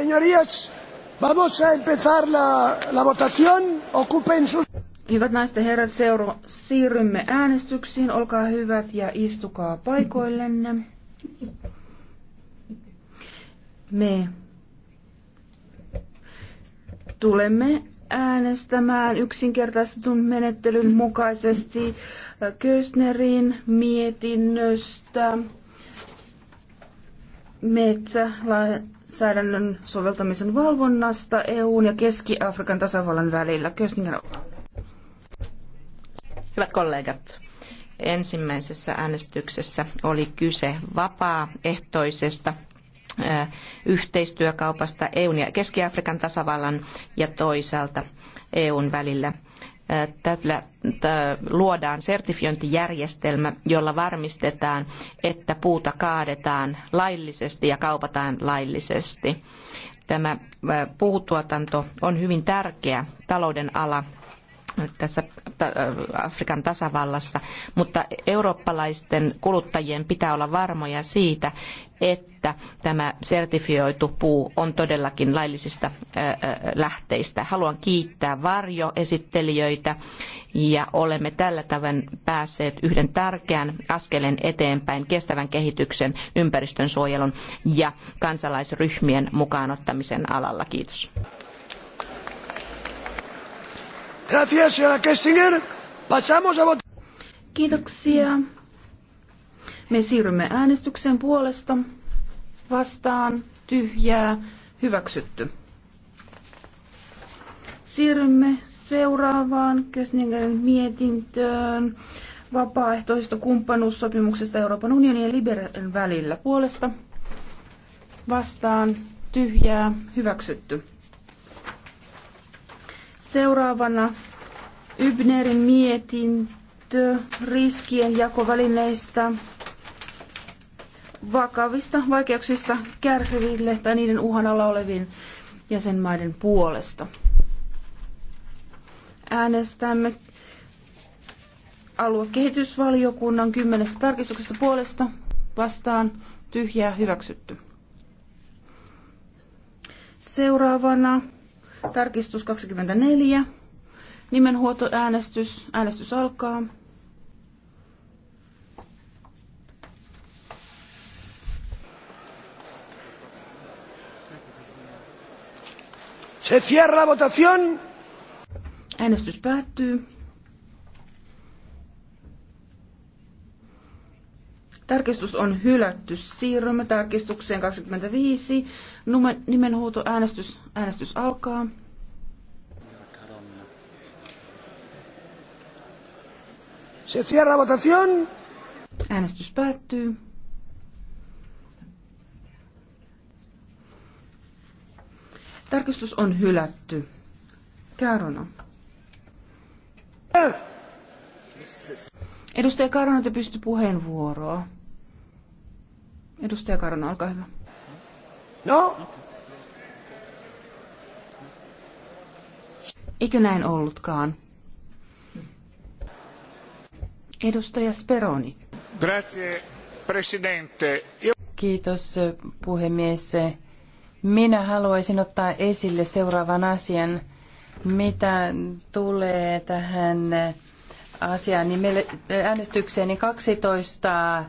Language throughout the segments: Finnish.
Señorías, vamos a empezar la, la votación. Ocupen sus... Hyvät naiset ja herrat, seuro, siirrymme äänestyksiin. Olkaa hyvät ja istukaa paikoillenne. Me tulemme äänestämään yksinkertaistetun menettelyn mukaisesti Kösnerin mietinnöstä metsälain lainsäädännön soveltamisen valvonnasta EUn ja Keski-Afrikan tasavallan välillä. Köstinger. Hyvät kollegat, ensimmäisessä äänestyksessä oli kyse vapaaehtoisesta yhteistyökaupasta EUn ja Keski-Afrikan tasavallan ja toisaalta EUn välillä. Tällä luodaan sertifiointijärjestelmä, jolla varmistetaan, että puuta kaadetaan laillisesti ja kaupataan laillisesti. Tämä puutuotanto on hyvin tärkeä talouden ala tässä äh, Afrikan tasavallassa, mutta eurooppalaisten kuluttajien pitää olla varmoja siitä, että tämä sertifioitu puu on todellakin laillisista äh, äh, lähteistä. Haluan kiittää varjoesittelijöitä ja olemme tällä tavoin päässeet yhden tärkeän askeleen eteenpäin kestävän kehityksen, ympäristönsuojelun ja kansalaisryhmien mukaanottamisen alalla. Kiitos. Gracias, señora Kessinger. Pasamos a Kiitoksia. Me siirrymme äänestyksen puolesta. Vastaan, tyhjää, hyväksytty. Siirrymme seuraavaan Kösningerin mietintöön vapaaehtoisesta kumppanuussopimuksesta Euroopan unionin ja Liberian välillä puolesta. Vastaan, tyhjää, hyväksytty. Seuraavana Ybnerin mietintö riskien jakovälineistä vakavista vaikeuksista kärsiville tai niiden uhan alla olevien jäsenmaiden puolesta. Äänestämme aluekehitysvaliokunnan kymmenestä tarkistuksesta puolesta vastaan tyhjää hyväksytty. Seuraavana Tarkistus 24. äänestys. Äänestys alkaa. Se cierra la votación. Äänestys päättyy. Tarkistus on hylätty. Siirrymme tarkistukseen 25. Numen, nimenhuuto äänestys, äänestys alkaa. Se cierra votación. Äänestys päättyy. Tarkistus on hylätty. Kärona. Edustaja Karona, te pysty puheenvuoroa. Edustaja Karona, olkaa hyvä. No. Eikö näin ollutkaan? Edustaja Speroni. Grazie, presidente. Kiitos, puhemies. Minä haluaisin ottaa esille seuraavan asian, mitä tulee tähän asiaan, niin meille äänestykseen niin 12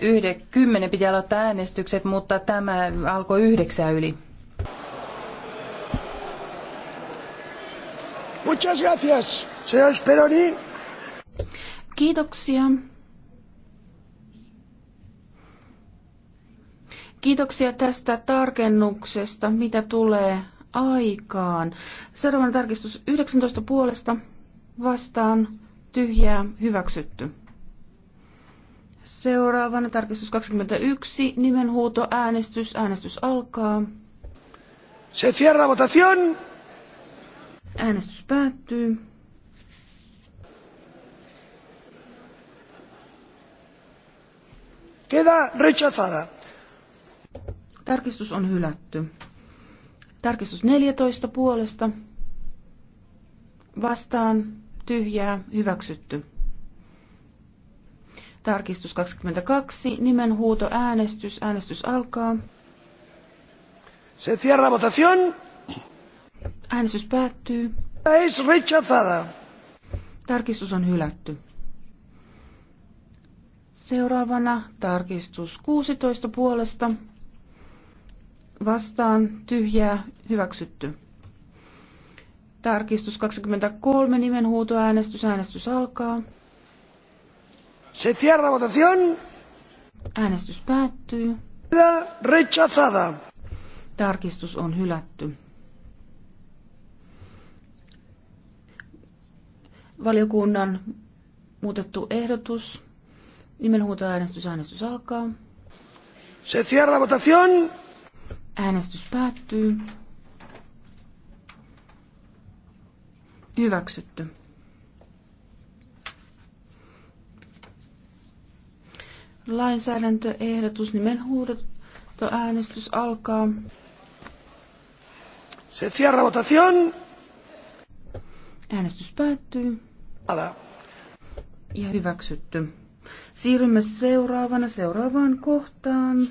Yhde, kymmenen piti aloittaa äänestykset, mutta tämä alkoi yhdeksän yli. Muchas gracias, señor Speroni. Kiitoksia. Kiitoksia tästä tarkennuksesta, mitä tulee aikaan. Seuraavana tarkistus 19 puolesta vastaan tyhjää hyväksytty. Seuraavana tarkistus 21, nimenhuuto, äänestys, äänestys alkaa. Se cierra votación. Äänestys päättyy. Queda rechazada. Tarkistus on hylätty. Tarkistus 14 puolesta. Vastaan tyhjää hyväksytty. Tarkistus 22, nimenhuuto, äänestys, äänestys alkaa. Se cierra votación. Äänestys päättyy. Es rechazada. Tarkistus on hylätty. Seuraavana tarkistus 16 puolesta. Vastaan tyhjää hyväksytty. Tarkistus 23 nimenhuutoäänestys. Äänestys alkaa. Se cierra la votación. Äänestys päättyy. Rechazada. Tarkistus on hylätty. Valiokunnan muutettu ehdotus. Nimenhuutoäänestys. Äänestys alkaa. Se cierra la votación. Äänestys päättyy. Hyväksytty. Lainsäädäntöehdotus nimenhuudato äänestys alkaa. Se cierra votación. Äänestys päättyy. Ala. Ja hyväksytty. Siirrymme seuraavana seuraavaan kohtaan.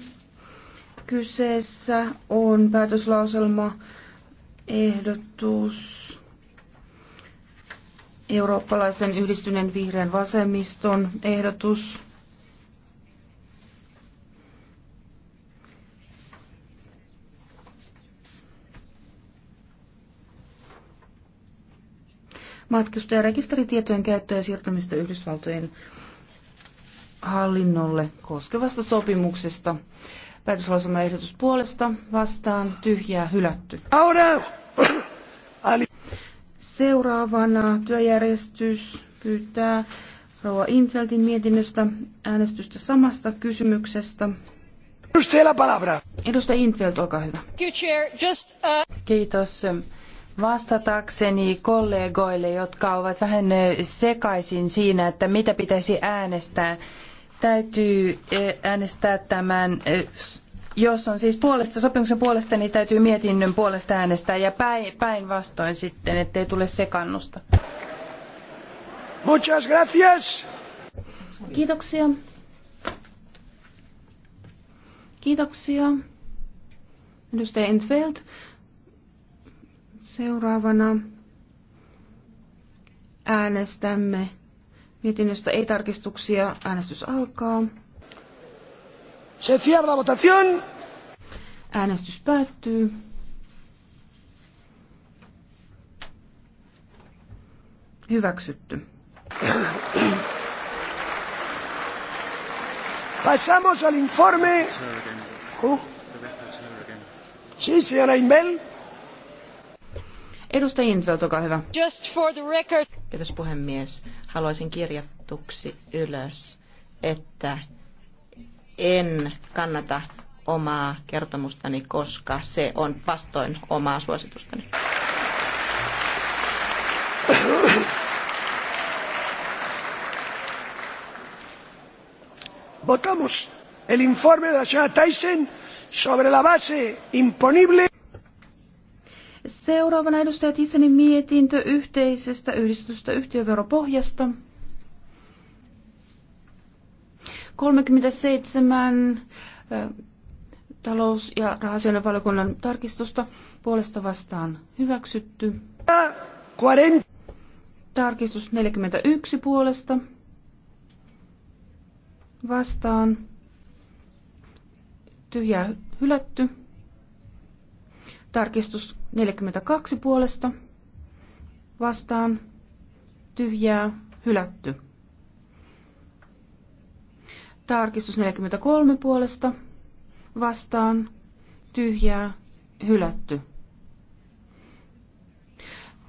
Kyseessä on päätöslauselma ehdotus eurooppalaisen yhdistyneen vihreän vasemmiston ehdotus matkustajarekisteritietojen käyttöä ja siirtämistä Yhdysvaltojen hallinnolle koskevasta sopimuksesta. Päätöslausuma ehdotus puolesta vastaan tyhjää hylätty. Seuraavana työjärjestys pyytää Rouva Infeltin mietinnöstä äänestystä samasta kysymyksestä. Edustaja Infelt, olkaa hyvä. Uh, Kiitos vastatakseni kollegoille, jotka ovat vähän sekaisin siinä, että mitä pitäisi äänestää. Täytyy äänestää tämän, jos on siis puolesta, sopimuksen puolesta, niin täytyy mietinnön puolesta äänestää ja päinvastoin sitten, ettei tule sekannusta. Muchas gracias. Kiitoksia. Kiitoksia. Edustaja Entfeldt. Seuraavana äänestämme mietinnöstä ei tarkistuksia. Äänestys alkaa. Se cierra votación. Äänestys päättyy. Hyväksytty. Pasamos al informe. Uh. Sí, señora Inbel. Edustaja Infeld, olkaa hyvä. Just for the record. Kiitos puhemies. Haluaisin kirjattuksi ylös, että en kannata omaa kertomustani, koska se on vastoin omaa suositustani. Votamos el informe de la señora Tyson sobre la base imponible. Seuraavana edustaja Tissanin mietintö yhteisestä yhdistystä yhtiöveropohjasta. 37 talous- ja rahasioiden valiokunnan tarkistusta puolesta vastaan hyväksytty. Tarkistus 41 puolesta vastaan tyhjää hylätty. Tarkistus 42 puolesta vastaan tyhjää hylätty. Tarkistus 43 puolesta vastaan tyhjää hylätty.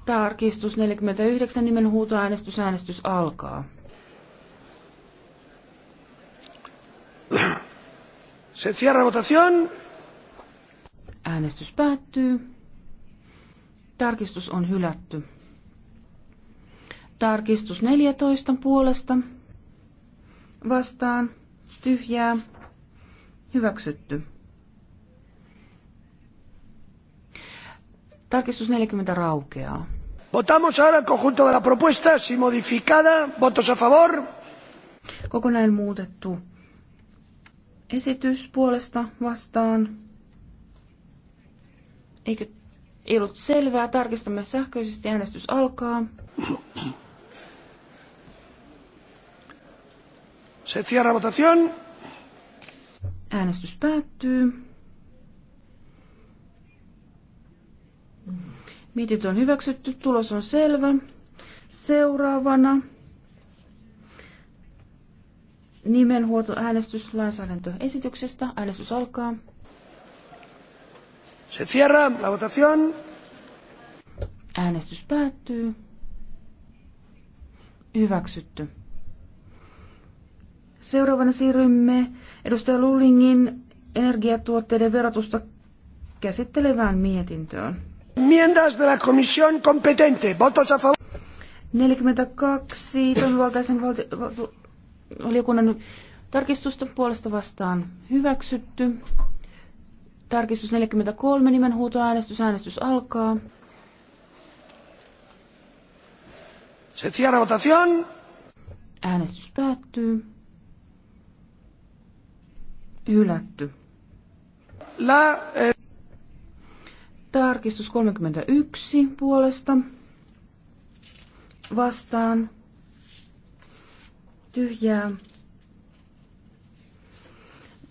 Tarkistus 49 nimen huutoäänestys. Äänestys alkaa. Se cierra votación. Äänestys päättyy. Tarkistus on hylätty. Tarkistus 14 puolesta. Vastaan. Tyhjää. Hyväksytty. Tarkistus 40 raukeaa. Votamos ahora el conjunto de la propuesta, si modificada, votos a favor. Kokonainen muutettu esitys puolesta vastaan Eikö ei ollut selvää? Tarkistamme sähköisesti. Äänestys alkaa. Se cierra votación. Äänestys päättyy. Mietintö on hyväksytty. Tulos on selvä. Seuraavana nimenhuoltoäänestys lainsäädäntöesityksestä. Äänestys alkaa. Se cierra la votación. Äänestys päättyy. Hyväksytty. Seuraavana siirrymme edustaja Lullingin energiatuotteiden verotusta käsittelevään mietintöön. Miendas de la comisión competente. Votos a favor. 42 toimivaltaisen valiokunnan tarkistusta puolesta vastaan hyväksytty. Tarkistus 43, nimen Äänestys alkaa. Se cierra votación. Äänestys päättyy. Hylätty. La, eh. Tarkistus 31 puolesta. Vastaan. Tyhjää.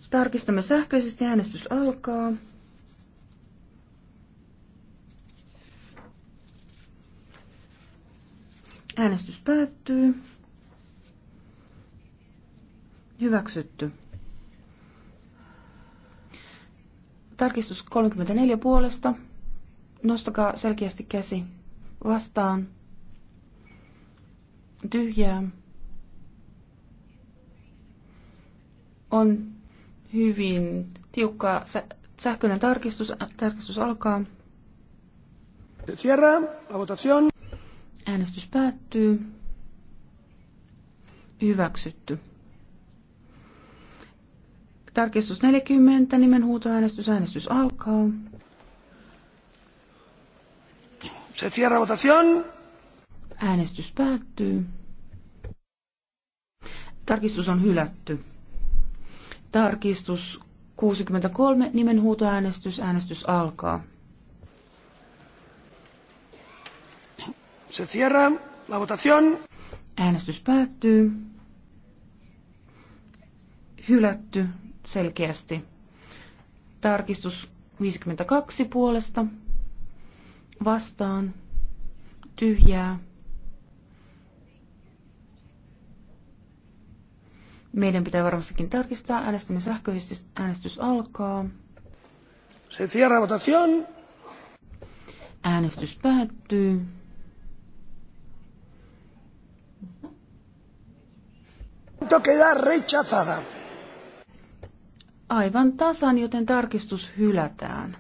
Tarkistamme sähköisesti. Äänestys alkaa. Äänestys päättyy. Hyväksytty. Tarkistus 34 puolesta. Nostakaa selkeästi käsi vastaan. Tyhjää. On hyvin tiukka sähköinen tarkistus. Tarkistus alkaa. Cierra la votación. Äänestys päättyy. Hyväksytty. Tarkistus 40, huutoäänestys, Äänestys alkaa. Se cierra votación. Äänestys päättyy. Tarkistus on hylätty. Tarkistus 63, nimenhuutoäänestys, äänestys alkaa. Se cierra la votación. Äänestys päättyy. Hylätty selkeästi. Tarkistus 52 puolesta. Vastaan. Tyhjää. Meidän pitää varmastikin tarkistaa. Äänestämme sähköisesti. Äänestys alkaa. Se cierra votación. Äänestys päättyy. rechazada. Aivan tasan, joten tarkistus hylätään.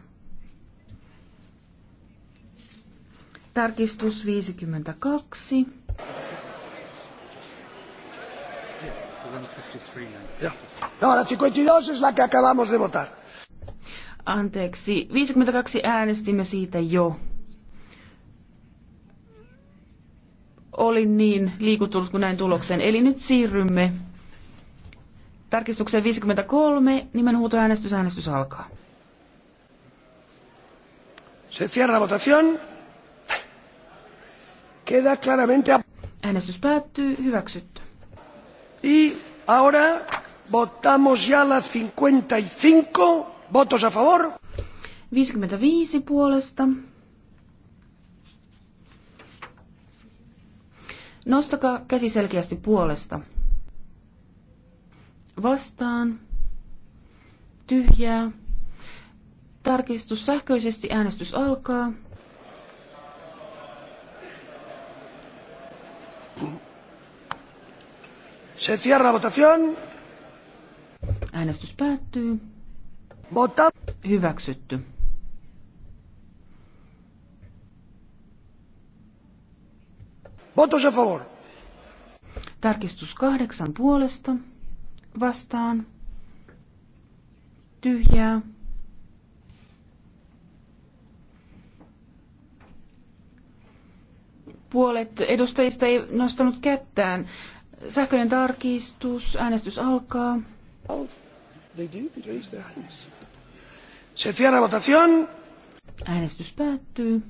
Tarkistus 52. Ja. No, la 52 es la que acabamos de votar. Anteeksi, 52 äänestimme siitä jo. Olin niin liikuttunut kuin näin tuloksen. Eli nyt siirrymme tarkistukseen 53. Nimenhuutoäänestys. Äänestys alkaa. Se cierra votación. Queda claramente... Äänestys päättyy. Hyväksytty. Y ahora votamos ya la 55 votos a favor 55 puolesta Nostakaa käsi selkeästi puolesta. Vastaan. Tyhjää. Tarkistus sähköisesti. Äänestys alkaa. Se cierra votación. Äänestys päättyy. Vota. Hyväksytty. Votos a favor. Tarkistus kahdeksan puolesta. Vastaan. Tyhjää. Puolet edustajista ei nostanut kättään. Sähköinen tarkistus. Äänestys alkaa. Se cierra votación. Äänestys päättyy.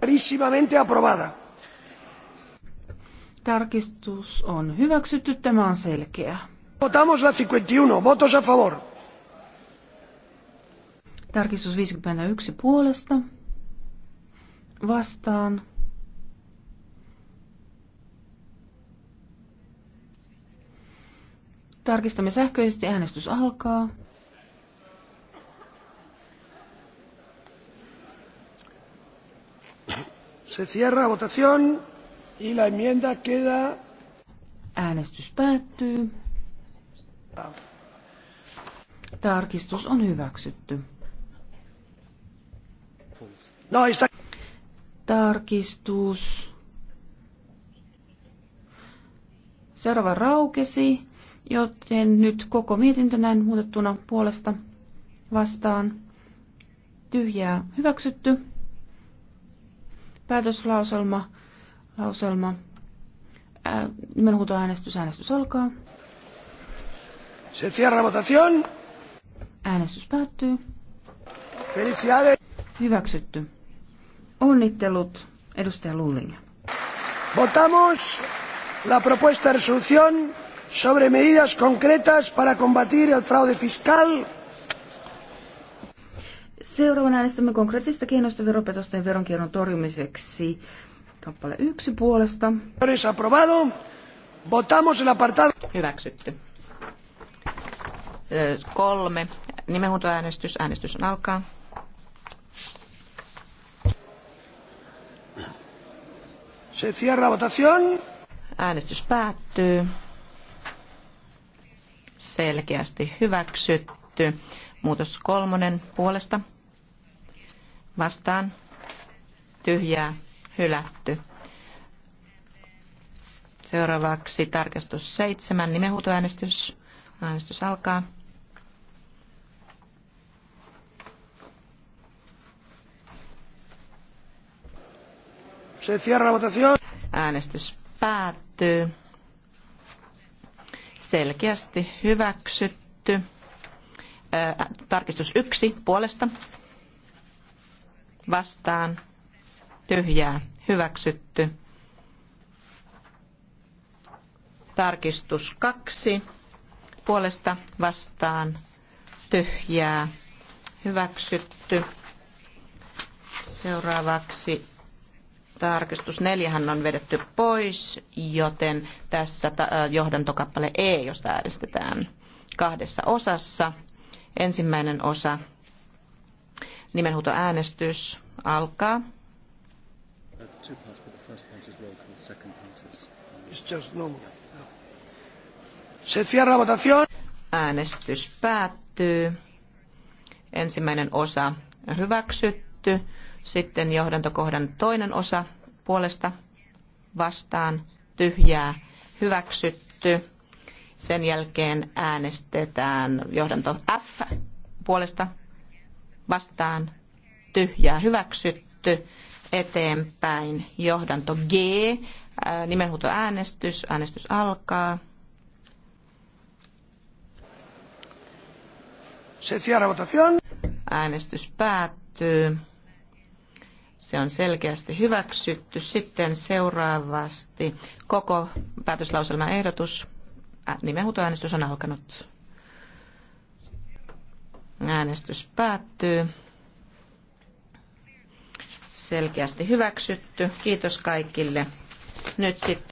Clarísimamente aprobada. Tarkistus on hyväksytty. Tämä on selkeä. Votamos la 51. Votos a favor. Tarkistus 51 puolesta. Vastaan. Tarkistamme sähköisesti. Äänestys alkaa. Se cierra votación y la enmienda queda. Äänestys päättyy. Tarkistus on hyväksytty. No, está... Tarkistus. Seuraava raukesi. Joten nyt koko mietintö näin muutettuna puolesta vastaan tyhjää hyväksytty. Päätöslauselma, lauselma, ää, äänestys alkaa. Se cierra votación. Äänestys päättyy. Felicidades. Hyväksytty. Onnittelut, edustaja Lulling. Votamos la propuesta de resolución sobre medidas concretas para combatir el fraude fiscal. Seuraavana äänestämme konkreettista keinoista veropetosten ja veronkierron torjumiseksi. Kappale yksi puolesta. aprobado. Votamos el apartado. Hyväksytty. Ö, kolme. Nimenhuutoäänestys. Äänestys on alkaa. Se cierra votación. Äänestys päättyy selkeästi hyväksytty. Muutos kolmonen puolesta vastaan tyhjää hylätty. Seuraavaksi tarkastus seitsemän nimenhuutoäänestys. Äänestys alkaa. Se cierra votación. Äänestys päättyy selkeästi hyväksytty. Tarkistus yksi puolesta vastaan tyhjää hyväksytty. Tarkistus kaksi puolesta vastaan tyhjää hyväksytty. Seuraavaksi Tarkistus neljähän on vedetty pois, joten tässä äh, johdantokappale E, josta äänestetään kahdessa osassa. Ensimmäinen osa, nimenhuutoäänestys, alkaa. Se cierra votación. Äänestys päättyy. Ensimmäinen osa hyväksytty sitten johdantokohdan toinen osa puolesta vastaan tyhjää hyväksytty. Sen jälkeen äänestetään johdanto F puolesta vastaan tyhjää hyväksytty. Eteenpäin johdanto G, nimenhuutoäänestys, äänestys alkaa. Se votación. Äänestys päättyy. Se on selkeästi hyväksytty. Sitten seuraavasti koko ehdotus, Nimenhuutoäänestys on alkanut. Äänestys päättyy. Selkeästi hyväksytty. Kiitos kaikille. Nyt sitten